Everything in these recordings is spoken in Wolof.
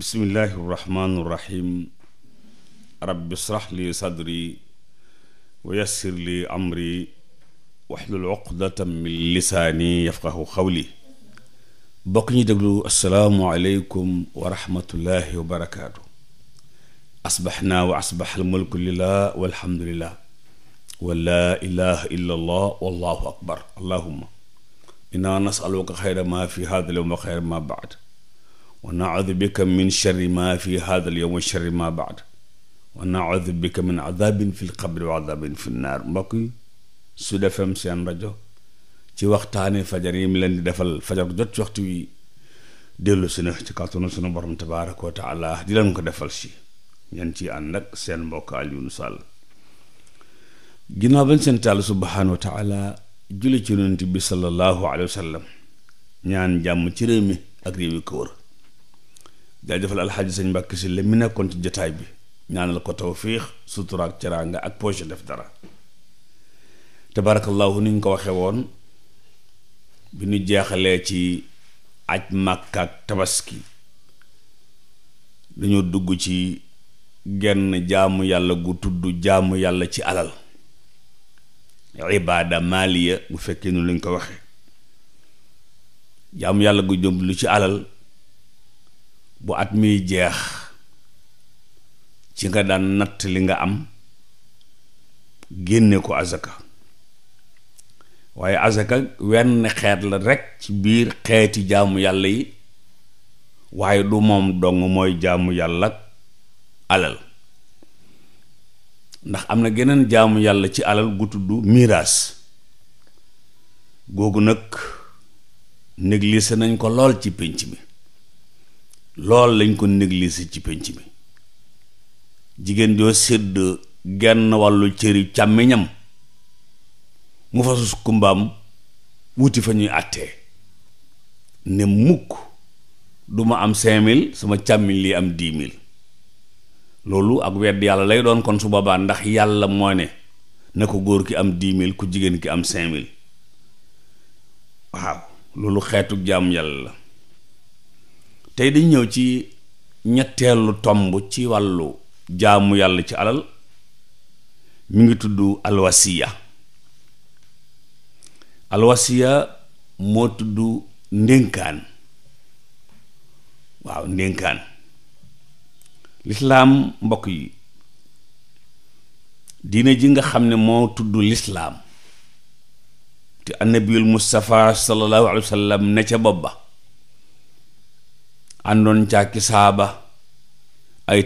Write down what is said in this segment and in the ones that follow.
bismillaahi rahmaani rahiim rabbi israh li sadri wa yassir li amri waxlul uqdatan min lisaani yafqahu xawli bokk ñi déglu assalaamu aleykum wa rahmatullaahi wa barakaatu asbaxnaa wa asbaxal mulku lillaah walhamdulillaah wa laa ilaaha illallaah wallaahu akbar allahumma innaa nasaluka xayra maa fi haadal yawm wa xayra maa ba'd wa naudu bika min sharri ma fi hada al yowm wa sharri ma baad wa naudu bika min adabin fi lqabri wa adabin fi nnaar mbokk yi Sud FM seen rajo ci waxtaani fajar yi mu leen di defal fajar jot ci waxtu wi dellu si na ci kàttanu sunu borom tabaaraka wa taala di leen ko defal si ñan ci ànd ak seen mbokk Alioune Sall ginnaaw bañ seen tàll subhaanahu wa taala julli ci yonent bi sallallahu alayhi wa sallam ñaan jàmm ci réew mi ak réew yi ko wër day defal alxaaji sëñ Mbàkke si la mi nekkoon ci jataay bi ñaanal ko tawfiix sutura ak teraanga ak poche def dara tabarakallahu ni ñu ko waxee woon bi nu jeexalee ci aj Màkka ak tabaski dañoo dugg ci genn jaamu yàlla gu tudd jaamu yàlla ci alal ibaada maaliya bu fekkee nu lañ ko waxe jaamu yàlla gu jëm lu ci alal bu at miy jeex ci nga daan natt li nga am génne ko azaka waaye azaka wenn xeet la rekk ci biir xeeti jaamu yàlla yi waaye du moom dong mooy jaamu yàlla alal ndax am na geneen jaamu yàlla ci alal gu tudd miraas googu nag négligé nañ ko lool ci pénc bi lool lañ ko négligé ci pénc mi jigéen joo sédd genn wàllu cëri càmmiñam mu fasus kumbaam wuti fa ñuy àttee ne mukk du am cinq mille sama càmmiñ lii am dix mille loolu ak wedd yàlla lay doon kon su boobaa ndax yàlla moo ne na ko góor ki am dix mille ku jigéen ki am cinq mille waaw loolu xeetu jaam yàlla la tey dañu ñëw ci ñetteelu tomb ci wàllu jaamu yàlla ci alal mu ngi tudd alwasiya alwasiya moo tudd ndénkaan waaw ndénkaan lislaam mbokk yi diine ji nga xam ne moo tudd lislaam te annabiyul mustafaa sallallahu alayhi wa sallam ne ca bopp ba àndoon càkki saaba ay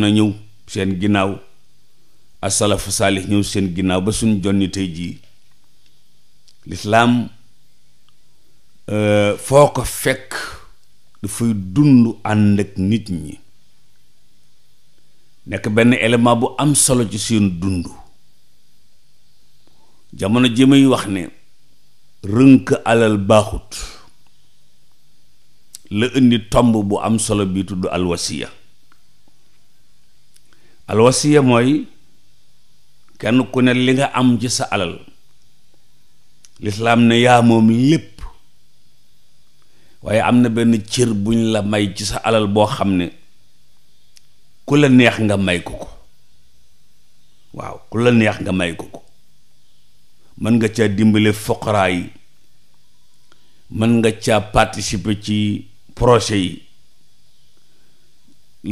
na ñëw seen ginnaaw asalafu saalih ñëw seen ginnaaw ba suñ jonni tey jii lislaam euh, foo ko fekk dafay dund ànd ak nit ñi nekk benn élément bu am solo ci seen dund jamono ji muy wax ne rënk alal baaxut la indi tomb bu am solo bi tudd alwasiya alwasiya mooy kenn ku ne li nga am ci sa alal lislaam ne yaa moom lépp waaye am na benn cër buñ la may ci sa alal boo xam ne ku la neex nga may ko ko waaw ku la neex nga may ko ko mën nga caa dimbale foqaraa yi mën nga caa participer ci projet yi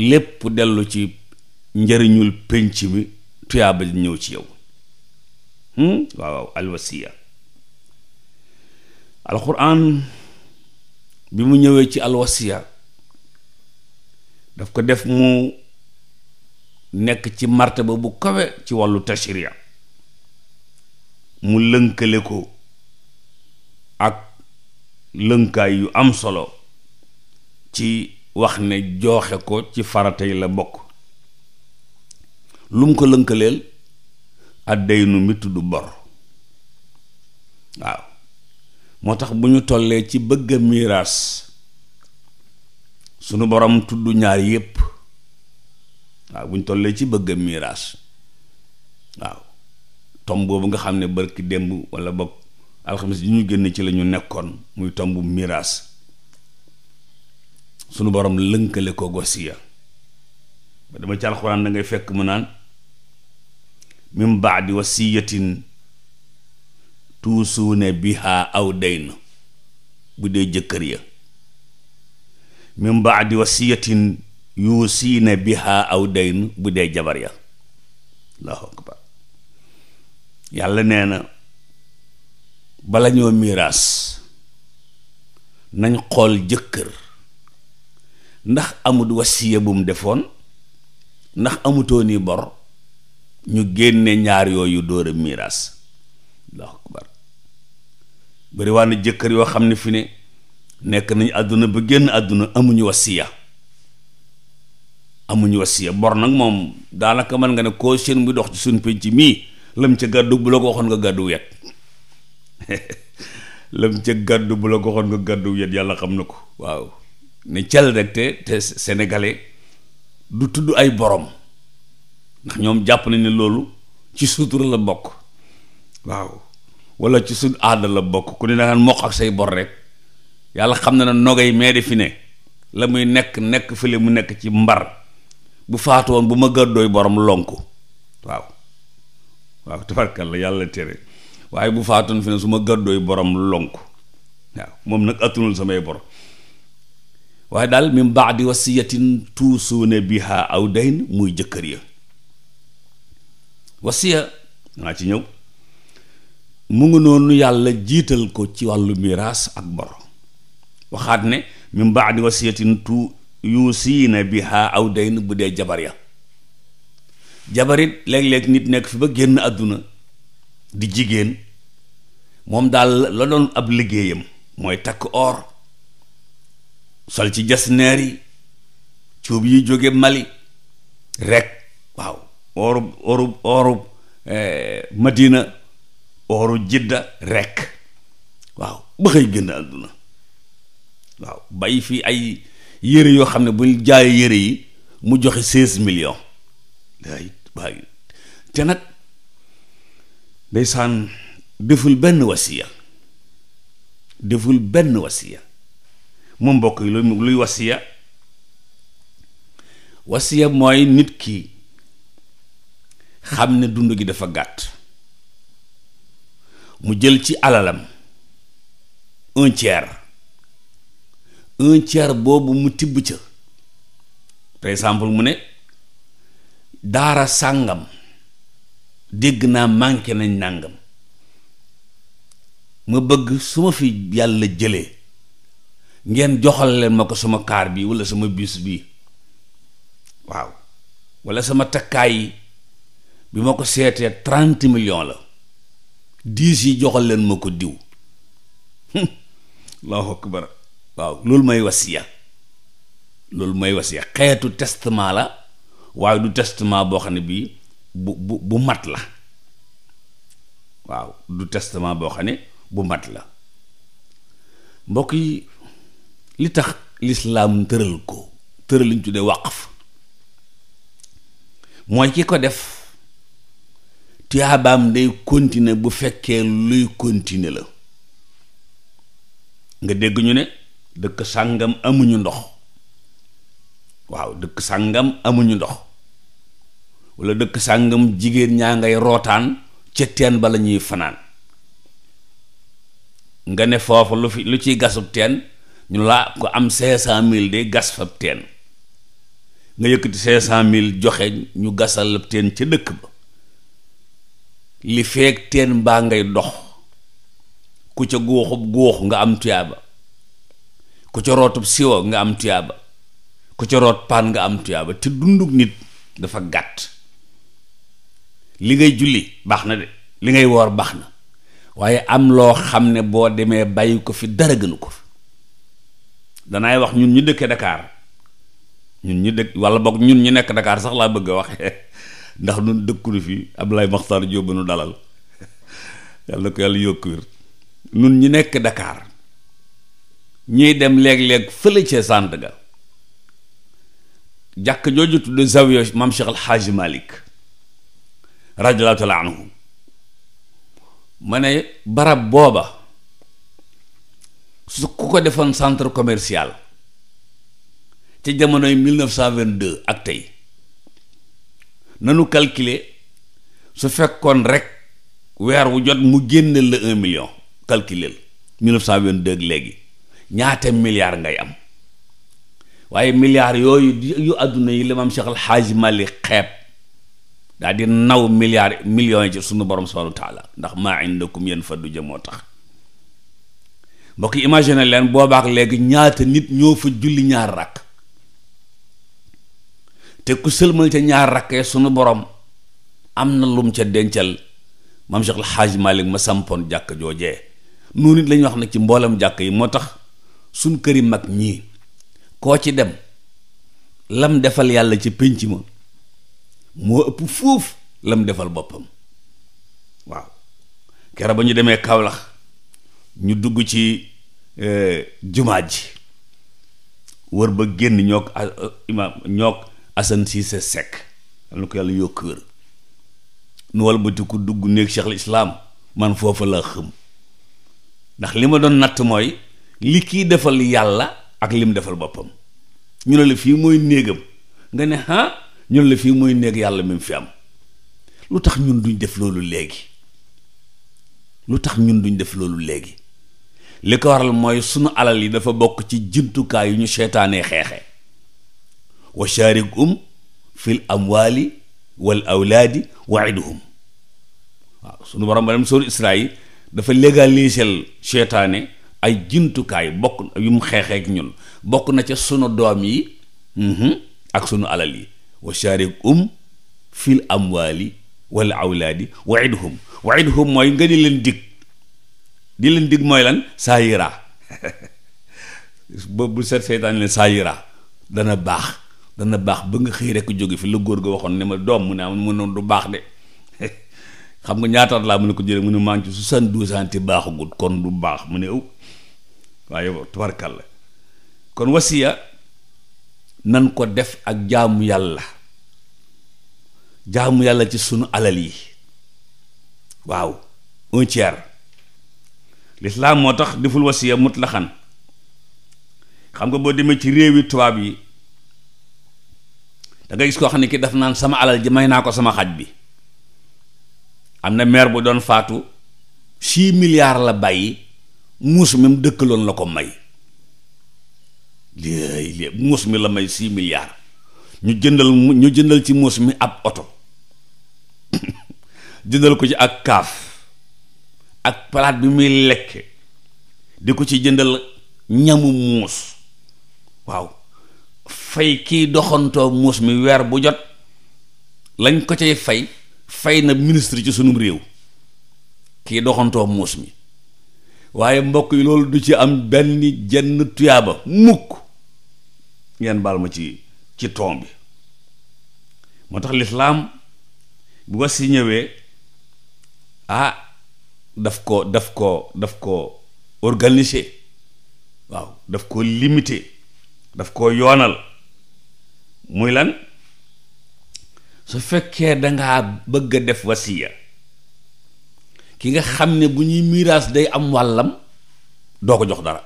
lépp dellu ci njëriñul pénc bi tuyaaba di ñëw ci yow hmm? waaw waaw alwasiya alquran bi mu ñëwee ci alwasiya daf ko def mu nekk ci martaba bu kawe ci wàllu tashriya mu lënkale ko ak lënkaay yu am solo ci wax ne jooxe ko ci farata yi la bokk lu mu ko lënkaleel addaynu mi tudd bor waaw moo tax bu ñu tollee ci bëgg a miiraas sunu borom tudd ñaar yépp waaw bu ñu tollee ci bëgg a miiraas waaw tomb boobu nga xam ne barki démb wala boog alxames yi ñu génn ci lañu nekkoon muy tomb miraas sunu borom lënkale ko wasiya dama ci alxuraan da fekk mu naan min baadi wasiyatin tuusuune biha aw dayn bu dee jëkkër ya min baadi wasiyatin yuusiine biha aw dayn bu dee jabar ya yàlla nee na bala ñoo miiraas nañ xool jëkkër ndax amut wasiya bu mu defoon ndax amutoo yi bor ñu génne ñaar yooyu dóor a miiraas allahu bari waa jëkkër yoo xam ne fi ne nekk nañu àdduna ba génn àdduna amuñu wasiya amuñu wasiya bor nag moom daanaka mën nga ne koo seen bu dox ci suñ penc mii lam ca gàddu bu la ko waxoon nga gàddu wet lam ca gàddu bu la ko waxoon nga gàddu wet yàlla xam na ko waaw ne cal rek te te sénégalais du tudd ay borom ndax ñoom jàpp nañ ne loolu ci sutura la bokk waaw wala ci suñ aada la bokk ku ne dangaan mokk ak say bor rek yàlla xam na ne nogay mee de fi ne la muy nekk nekk fële mu nekk ci mbar bu faatu woon bu ma gàddooy borom lonku waaw waaw tabarkal la yàlla tere waaye bu faatoon fi ne su ma gàddooy borom lonku waaw moom nag attunul samay borom waaye daal min di wasiyatin tuusuuna biha aw dayn muy jëkkër ya wasiya naa ci ñëw mu ngi noonu yàlla jiital ko ci wàllu miraas ak bor waxaat ne min di wasiyatin tu yuusiina biha aw dayn bu dee jabar ya jabarit léeg-léeg nit nekk fi ba génn àdduna di jigéen moom daal la doon ab liggéeyam mooy takk or sol ci jasneer yi cuub yi jóge Mali rek waaw orub orub orub eh, Madina oru Jidda rek waaw ba xëy génn àdduna waaw bàyyi fi ay yére yoo xam ne bu jaay yére yi mu joxe seize millions te nag ndeysaan deful benn wasiya deful benn wasiya mu mbokk yi luy wasiya wasiya mooy nit ki xam ne dund gi dafa gàtt mu jël ci alalam un tiers boobu mu tibb ca par exemple mu ne daara sàngam dégg naa manqué nañ nàngam ma bëgg su ma fi yàlla jëlee ngeen joxal leen ma ko sama kaar bii wala sama bis bi waaw wala sama takkaay bi ma ko seetee trent millions la dix yi joxal leen ma ko diw allahu akbar waaw loolu may wasiya loolu may wasiya xeetu testament la waaye du testament boo xam ne bii bu bu bu mat la waaw du testament boo xam ne bu mat la mbokk yi li tax lislaam tëral ko tëral liñ tuddee wàqf mooy ki ko def tuyaabaam day continuer bu fekkee luy kontine la nga dégg ñu ne dëkk sàngam amuñu ndox waaw dëkk sàngam amuñu ndox walla dëkk sàngam jigéen ñaa ngay rootaan ca teen ba la ñuy fanaan nga ne foofu lu fi lu ciy gasub teen ñu laa ku am cinq cent mille de gas fab teen nga yëkkati cinq cent mille joxe ñu gasal la teen ca dëkk ba li feek teen baa ngay dox ku ca góoxub góox nga am tuyaaba ku ca rootub siwa nga am tuyaaba ku ca root paan nga am tuyaaba te dunduk nit dafa gàtt li ngay julli baax na de li ngay woor baax na waaye am loo xam ne boo demee bàyyi ko fi dara gënu ko danaay wax ñun ñu dëkkee dakaar ñun ñu dëkk wala boog ñun ñu nekk Dakar sax laa bëgg a wax ndax nun dëkkunu fi Abdoulaye Makhtar Diop nu dalal yàlla ko yàlla yokk wér nun ñi nekk Dakar ñuy dem léeg-léeg fële ca Sandaga jàkk jooju tudd zawiya maam Cheikh Al Hadj Malick radiyallahu taala ma ne barab booba su ku ko defoon centre commercial ci jamonoy 1922 ak tey nanu calculer su fekkoon rek weer wu jot mu génneel la un million calculer 1922 ak léegi ñaate milliards ngay am waaye milliards yooyu yu àdduna yi limam Cheikh Al Hadj Malick xeeb daal di naw milliards millions yi ci sunu borom subhanahu wa taala ndax maa fa du jëm moo tax mbokk yi imaginer leen boobaak léegi ñaata nit ñoo fa julli ñaar rakk te ku sëlmal ca ñaar ràkk suñu borom am na lum ca dencal mam Cheikh El Hadj ma sampoon jàkk joojee noonu nit lañuy wax nag ci mboolam jàkk yi moo tax suñ kër yi mag ñii koo ci dem lam defal yàlla ci pénc ma moo ëpp foofu lam defal boppam waaw kere ba ñu demee kawlax ñu dugg ci euh, jumaat ji wër ba génn ñook euh, imaam ñook Assane Cissé Seck am na ko yàlla yoo kër nu walbati ku dugg néeg Cheikh al Islaam man foofa laa xëm ndax li ma doon natt mooy li kii defal yàlla ak lim defal boppam ñu ne la fii mooy néegam nga ne ah ñu ne la fii mooy néeg yàlla mi fi am lu tax ñun duñ def loolu léegi lu tax ñun duñ def loolu léegi li ko waral mooy sunu alal yi dafa bokk ci jumtukaay yu ñu seetaanee xeexe wa sharikhum fil amwaali wal awlaadi wa'iduhum waaw sunu borom ba dem sóoru Israayil dafa légaliseel seetaane ay jumtukaay bokk yu mu xeexeek ñun bokk na ca sunu doom yi mhm, ak sunu alal yi wa sharikhum fil amwaali wal awlaadi wa'iduhum wa'iduhum mooy nga di leen dig di leen dig mooy lan saa yira bu set seytaan leen saa yira dana baax dana baax ba nga xëy rek jóge fi lu góor ga waxoon ne ma doom mu ne am mu noonu du baax de xam nga ñaata laa mu ne ko jële mu ne maa ngi ci soixante-douze ans te baaxagut kon du baax mu ne ëw waaye tubarkal la kon wasiya nan ko def ak jaamu yàlla jaamu yàlla ci sunu alal yi waaw un lislaam moo tax deful wasiya mutlaxan xam nga boo demee ci réewi tuwaab yi da nga gis koo xam ne kii daf naan sama alal ji may naa ko sama xaj bi am na maire bu doon faatu six milliards la bàyyi muus mi mu dëkkaloon la ko may léegi léegi muus mi la may six milliards ñu jëndal ñu jëndal ci muus mi ab oto jëndal ko ci ak kaaf ak palaat bi muy lekk di ko ci jëndal ñamu muus waaw fay kiy doxantoo muus mi weer bu jot lañ ko cay fay fay na ministre ci sunu réew kiy doxantoo muus mi waaye mbokk yi loolu du ci am benn jenn tuyaaba mukk ngeen baal ma ci ci ton bi moo tax lislaam bu wasi ñëwee ah daf ko daf ko daf ko organiser waaw daf ko limiter daf ko yoonal muy lan su fekkee dangaa bëgg a def wasiya ki nga xam ne bu ñuy miraas day am wàllam doo ko jox dara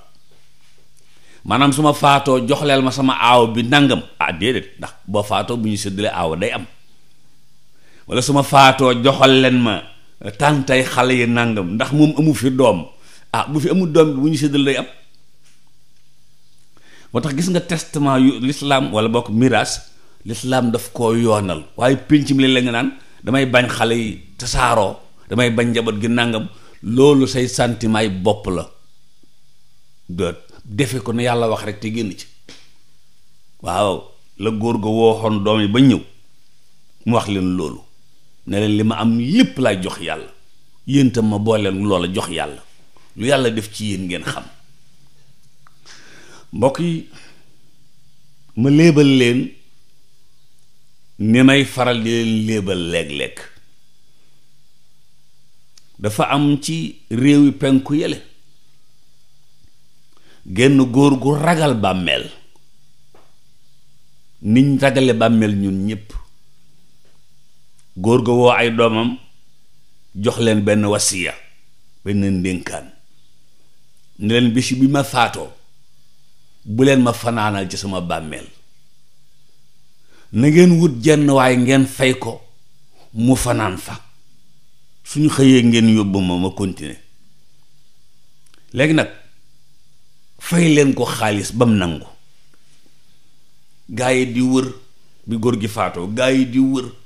maanaam su ma faatoo joxleel ma sama aaw bi nangam ah déedéet ndax boo faatoo bu ñuy séddale aaw day am wala su faatoo joxal leen ma tàntay xale yi nàngam ndax moom amu fi doom ah bu fi amul doom bi bu ñu séddal lay am moo tax gis nga testament yu lislaam wala bokk miraas lislaam daf koo yoonal waaye pinc mi la nga naan damay bañ xale yi tasaaroo damay bañ njaboot gi nàngam loolu say sentiment yi bopp la de defe ko ne yàlla wax rek te génn ci waaw la góor ga wooxoon doom yi ba ñëw mu wax leen loolu ne li ma am lépp laay jox yàlla yéen tam ma booleen loola jox yàlla lu yàlla def ci yéen ngeen xam mbokk yi ma léebal leen ni may faral di leen léebal léeg-léeg dafa am ci réew yi penku yële genn góor gu ragal bàmmeel niñ ragale bàmmeel ñun ñëpp góor ga woo ay doomam jox leen benn wasiya benn ndénkaan ne leen bis bi ma faatoo bu leen ma fanaanal ci sama bàmmeel na ngeen wut jenn waaye ngeen fay ko mu fanaan fa suñu xëyee ngeen yóbbu ma ma continuer léegi nag fay leen ko xaalis bam mu nangu gaa yi di wër bi góor gi faatoo gaa yi di wër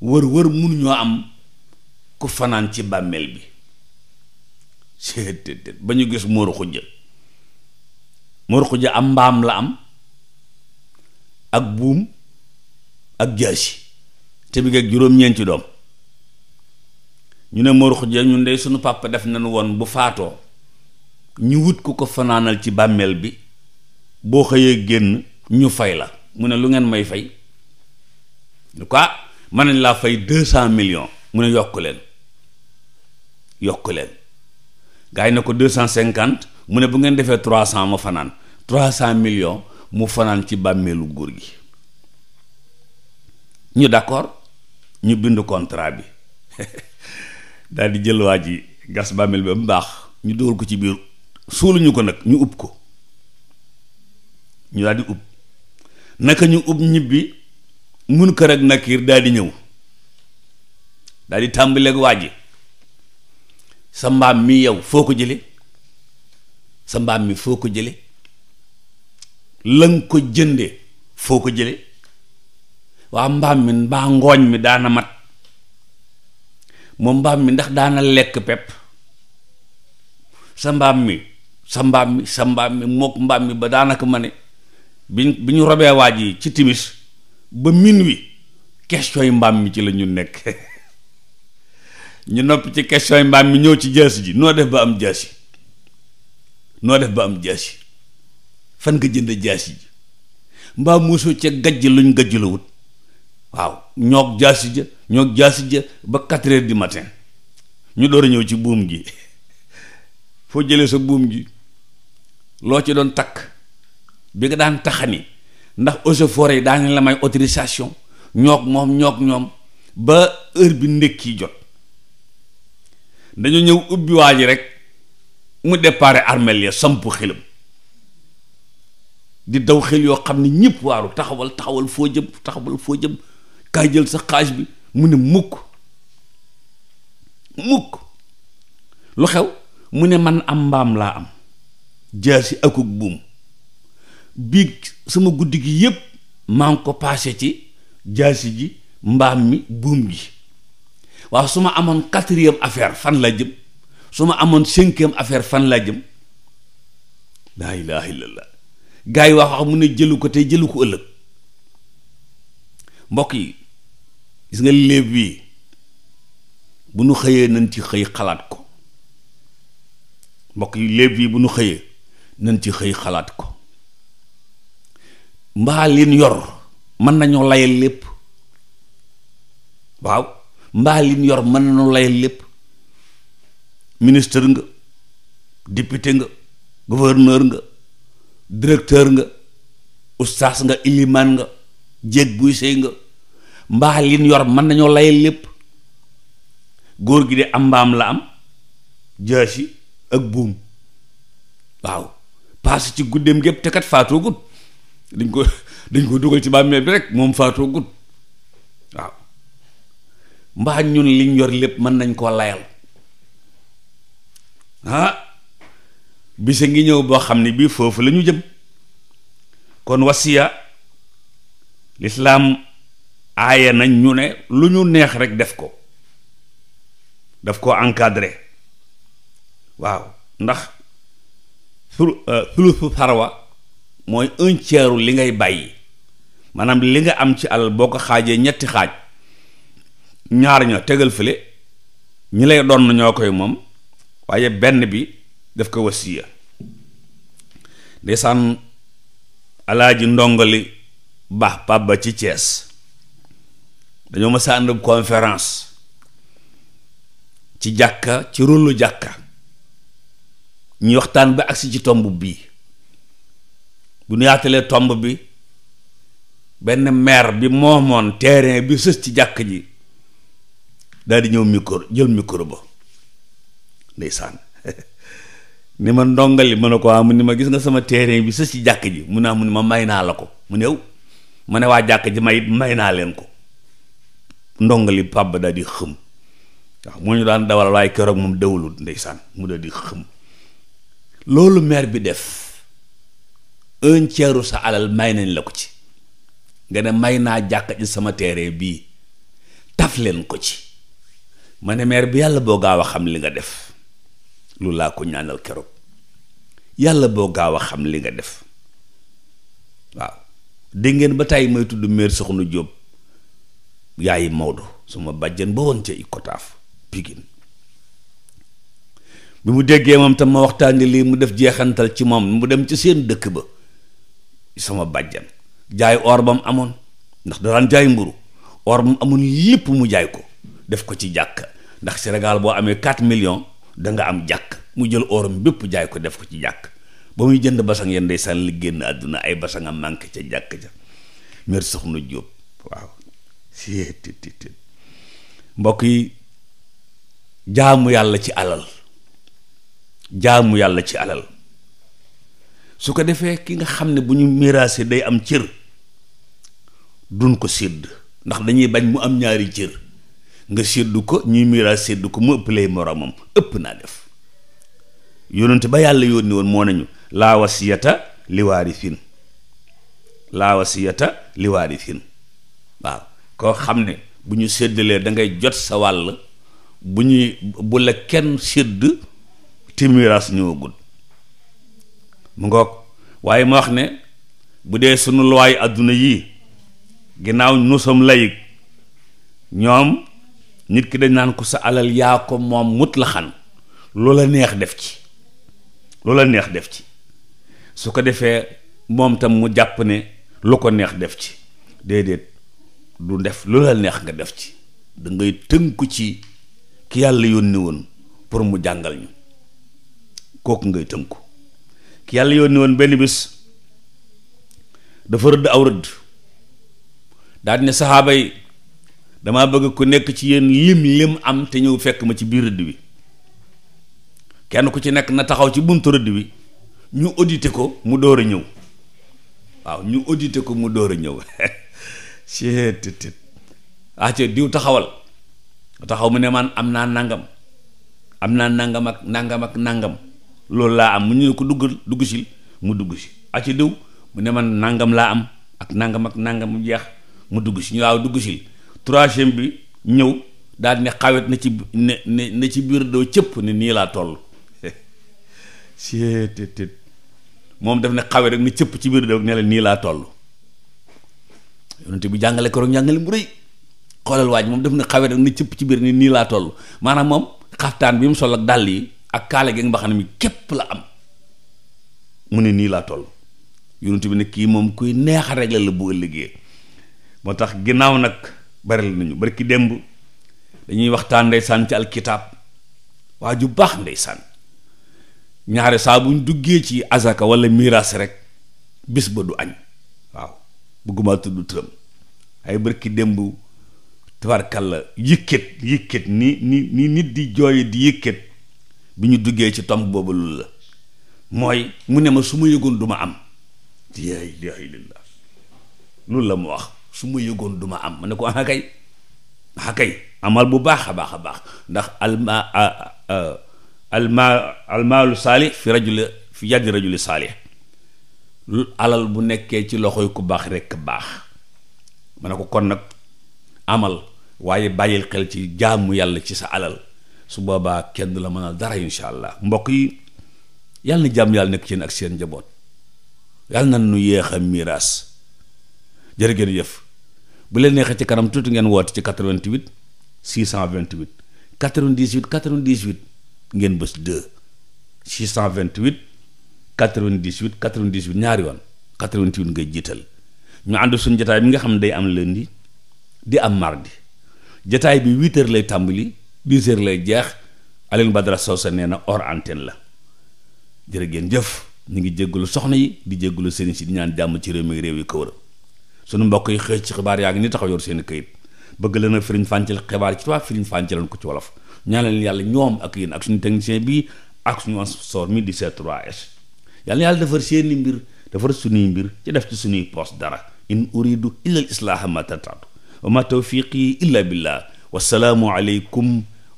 wër wër mun ñoo am ku fanaan ci bàmmeel bi seet ba ñu gis Mor Khoudia Mor Khoudia am mbaam la am ak buum ak jaasi te bi ak juróom-ñeenti doom ñu ne Mor Khoudia ñun de sunu papa def nañu woon bu faatoo ñu wut ku ko fanaanal ci bàmmeel bi boo xëyee génn ñu fay la mu ne lu ngeen may fay en tout man nañ laa fay deux cent million mu ne yokk leen yokk leen gars yi ne ko deux cent cinquante mu ne bu ngeen defee trois cent ma fanaan trois cent million mu fanaan ci bàmmeelu góor gi ñu d'accord ñu bindu contrat bi daal di jël waa ji gas bàmmeel ba mu baax ñu dugal ko ci biir suuluñu ko nag ñu ub ko ñu daal di ub naka ñu ub ñibbi mun kër ak Nakiir daal di ñëw daal di tàmbaleeg waa ji sa mbaam mi yow foo ko jële sa mbaam mi foo ko jële lan ko jënde foo ko jële waa mbaam mi mbaa ngooñ mi daana mat moom mbaam mi ndax daana lekk pepp sa mbaam mi sa mbaam mi sa mbaam mi mook mbaam mi ba daanaka ma ne bi bi ñu robee waaj yi ci timis ba wi question yi mbaam mi ci la ñu nekk ñu noppi ci question yi mbaam mi ñëw ci jaasi ji noo def ba am jaasi noo def ba am jaasi fan nga jënd jaasi ji mbaa muusoo ca gajj luñ gajj la wut waaw ñoog jaasi ja ñoog jaasi ja ba quatre heures du matin ñu door a ñëw ci buum ji foo jëlee sa buum ji loo ci doon takk bi nga daan taxani ndax eaux et forêt yi daañu la may autorisation ñoog moom ñoog ñoom ba heure bi ndékki jot dañu ñëw ubbi waa ji rek mu départ armeel ya samp xelam di daw xel yoo xam ne ñëpp waaru taxawal taxawal foo jëm taxawal foo jëm kaay jël sa xaaj bi mu ne mukk mukk lu xew mu ne man am mbaam laa am jaasi akuk buum biig suma guddi gi yépp maa ko paase ci jaasi ji mbaam mi buum gi waaw su ma amoon quatrième affaire fan la jëm su ma amoon cinquième affaire fan la jëm laa ilaha illallah gars yi wax wax mu ne jëlu ko tey jëlu ko ëllëg mbokk yi gis nga léeb bii bu nu xëyee nañ ci xëy xalaat ko mbokk yi léeb bii bu nu xëyee nañ ci xëy xalaat ko mbaa leen yor mën nañoo layal lépp waaw mbaa leen yor mën nañoo layal lépp ministre nga député nga gouverneur nga directeur nga ustaas nga ilimaan nga jéeg buy sëy nga mbaa lin yor mën nañoo layal lépp góor gi de am mbaam la am jaasi ak buum waaw paase ci guddeem gépp te kat faatoo gudd dañ ko dañ ko dugal ci bàmmeel bi rek moom faatoo gut waaw mbaa ñun liñ yor lépp mën nañ koo layal ah bisa ngi ñëw boo xam ne bii foofu la jëm kon wasiya lislaam aaye nañ ñu ne lu ñu neex rek def ko daf ko encadré waaw ndax euh, thuluthu farwa mooy un li ngay bàyyi maanaam li nga am ci alal boo ko xaajee ñetti xaaj ñaar ña tegal fële ñi lay doon ñoo koy moom waaye benn bi daf ko wasiya ndeysaan alaaji ndongali baax pàbba ci Thiès dañoo ma sa ànd conférence ci jàkka ci rôlu jàkka ñuy waxtaan ba agsi ci tomb bii bu nu tomb bi benn maire bi moomoon terrain bi sës ci jàkk ji daal ñëw micro jël micro ba ndeysaan ni ma ndongali ma ne ko ah ni ma gis nga sama terrain bi sës ci jàkk ji mu naa ah, mu ni ma may naa la ko mu néew ma ne waa jàkk ji may may naa leen ko ndongali pàbb daal di xëm waaw moo ñu daan dawal waaye keroog moom dawalul ndeysaan mu daal di xëm loolu maire bi def un tiers sa alal may nañ la ko ci nga ne may naa jàkk ji sama terrain bii taf leen ko ci ma ne bi yàlla boo gaaw a xam li nga def lu laa ko ñaanal keroog yàlla boo gaaw a xam li nga def waaw dégg ngeen ba tey may tudd maire Soxna Diop yaayi Maodo suma bàjjen ba woon ca Ikotaaf Pikine bi mu déggee moom tam ma waxtaanee lii mu def jeexantal ci moom mu dem ci seen dëkk ba sama bàjjan jaay or ba mu amoon ndax da daan jaay mburu or ba mu amoon lépp mu jaay ko def ko ci jàkk ndax Sénégal boo amee 4 million danga am jàkk mu jël oram bépp jaay ko def ko ci jàkk ba muy jënd basang yéen ndeysaan li génn àdduna ay basanga manqué ca jàkk ja mer na Jóob waaw mbokk yi jaamu yàlla ci alal jaamu yàlla ci alal su ko defee ki nga xam ne bu ñu miraase day am cër duñ ko sedd ndax dañuy bañ mu am ñaari cër nga sédd ko ñuy miraas sedd ko mu ëpp lay moromam ëpp naa def yonente ba yàlla yónni woon moo nañu laa wasiyata liwaarisin laa wasiyata liwaarisin waaw koo xam ne bu ñu seddalee dangay jot sa wàll bu ñuy bu la kenn sédd te miraas ñëwagul mu ngoog waaye ma wax ne bu dee sunu luwaay àdduna yii ginnaaw nous sommes laïcs ñoom nit ki dañ naan ko sa alal yaa ko moom mut mutlaxan la neex def ci la neex def ci su ko defee moom tam mu jàpp ne lu ko neex def ci déedéet du def loola neex nga def ci da ngay tënku ci ki yàlla yónni woon pour mu jàngal ñu kooku ngay tënku yàlla yoon ni woon benn bis dafa rëdd aw rëdd daal ne saxaaba yi damaa bëgg ku nekk ci yéen lim lim am te ñëw fekk ma ci biir rëdd bi kenn ku ci nekk na taxaw ci buntu rëdd wi ñu audité ko mu door a ñëw waaw ñu audité ko mu door a ñëw seet acca ah, diw taxawal taxaw ma ne man am naa nangam am naa nangam ak nangam ak nangam loolu laa am mu ñu ne ko duggal dugg si mu dugg si a ci diw mu ne man nangam laa am ak nangam ak nangam mu jeex mu dugg si ñu waaw dugg si troisième bi ñëw daal ne xawet na ci ne ci biir doo cëpp ne nii laa toll si tét moom daf ne xawet rek ne cëpp ci biir doo ne nii laa toll yonente bi jàngale ko rek jàngale mu rëy xoolal waaj moom daf ne xawet rek cëpp ci biir ne nii laa toll maanaam moom xaftaan bi mu sol ak dàll yi ak kaala geeg mbaxana mi képp la am mu ne nii laa toll yonent bi ne kii moom kuy neex a régler la bu ëllëgee moo tax ginnaaw nag bari nañu bari démb dañuy waxtaan ndeysaan ci alkitaab waa ju baax ndeysaan ñaare saa buñ duggee ci azaka wala miraas rek bis ba du añ waaw bëgguma tudd tëram ay bari ki démb tabarkal la yëkkat yëkkat ni ni nit di jooy di yëkkat bi ñu duggee ci tomb boobu loolu la mooy mu ne ma su ma yëgoon du am yaa la mu wax su ma yëgoon duma am ma ne ko ah kay amal bu baax a baax a baax ndax alma alma almaalu saalih fi rajuli fi yaddi rajuli saalih lu alal bu nekkee ci loxo loxoy ku baax rekk baax ma ne ko kon nag amal waaye bàyyil xel ci jaamu yàlla ci sa alal su boobaa kenn du la mënal dara incha allah mbokk yi yàlla na jàmm yàlla nekk ci ak seen njaboot yàlla na nu yéex a miiras jërë yëf bu leen neexee ci kanam tuuti ngeen woote ci 88 628 98 98 ngeen bës 2 628 98 98 ñaari yoon 88 nga jiital ñu ànd suñu jotaay bi nga xam ne day am leen di di am mardi jotaay bi 8 lay tàmbali. dix heures lay jeex Alioune Badara Socé nee na antenne la jërë jëf ñu ngi jéggalu soxna yi di jéggalu sëriñ si di ñaan jàmm ci réew mi réew yi ko wër sunu mbokk yi xëy ci xibaar yaa ngi ni taxaw yor seen i këyit bëgg leen a firiñ fàncal xibaar ci tubaab firiñ fàncalan ko ci wolof ñaan leen yàlla ñoom ak yéen ak suñu technicien bi ak suñu sponsor mi di C3S yàlla yàlla defar seeni mbir defar suñuy mbir ci def ci suñuy poos dara in uridu illa al islaaha ma tataatu wa